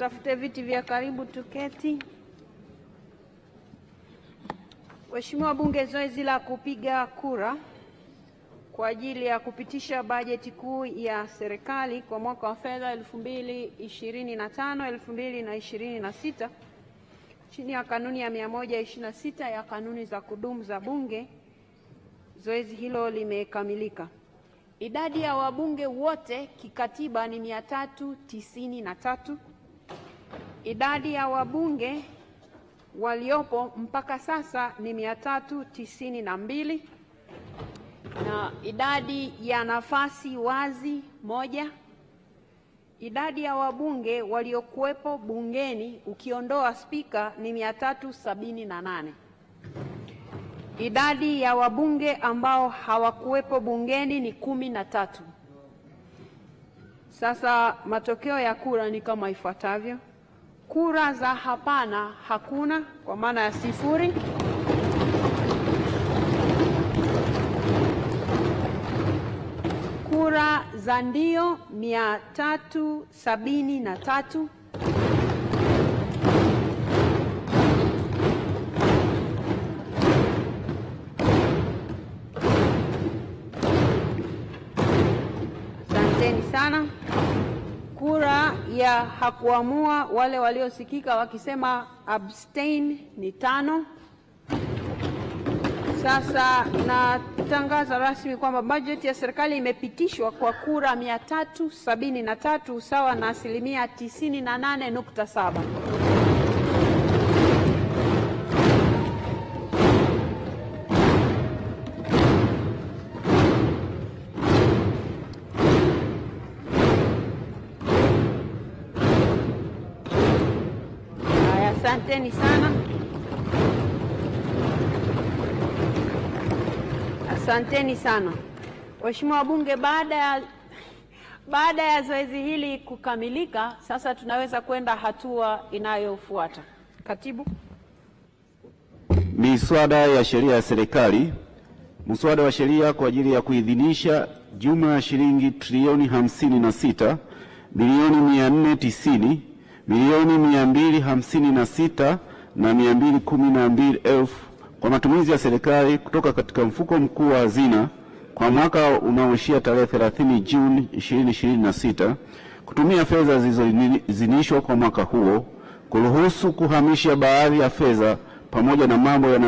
Tutafute viti vya karibu tuketi. Waheshimiwa bunge zoezi la kupiga kura kwa ajili ya kupitisha bajeti kuu ya serikali kwa mwaka wa fedha 2025 2026 chini ya kanuni ya 126 ya kanuni za kudumu za Bunge, zoezi hilo limekamilika. Idadi ya wabunge wote kikatiba ni 393. Idadi ya wabunge waliopo mpaka sasa ni mia tatu tisini na mbili na idadi ya nafasi wazi moja. Idadi ya wabunge waliokuwepo bungeni ukiondoa spika ni mia tatu sabini na nane. Idadi ya wabunge ambao hawakuwepo bungeni ni kumi na tatu. Sasa matokeo ya kura ni kama ifuatavyo. Kura za hapana hakuna, kwa maana ya sifuri. Kura za ndio mia tatu sabini na tatu. Asanteni sana. Kura ya hakuamua wale waliosikika wakisema abstain ni tano. Sasa natangaza rasmi kwamba bajeti ya serikali imepitishwa kwa kura 373 sawa na asilimia 98.7. Asanteni sana, asanteni sana waheshimiwa wabunge. Baada ya baada ya zoezi hili kukamilika, sasa tunaweza kwenda hatua inayofuata. Katibu, miswada ya sheria ya serikali. Mswada wa sheria kwa ajili ya kuidhinisha jumla ya shilingi trilioni 56 bilioni 490 milioni mia mbili hamsini na sita na mia mbili kumi na mbili elfu kwa matumizi ya serikali kutoka katika mfuko mkuu wa hazina kwa mwaka unaoishia tarehe 30 Juni 2026 kutumia fedha zilizoidhinishwa kwa mwaka huo, kuruhusu kuhamisha baadhi ya fedha pamoja na mambo yana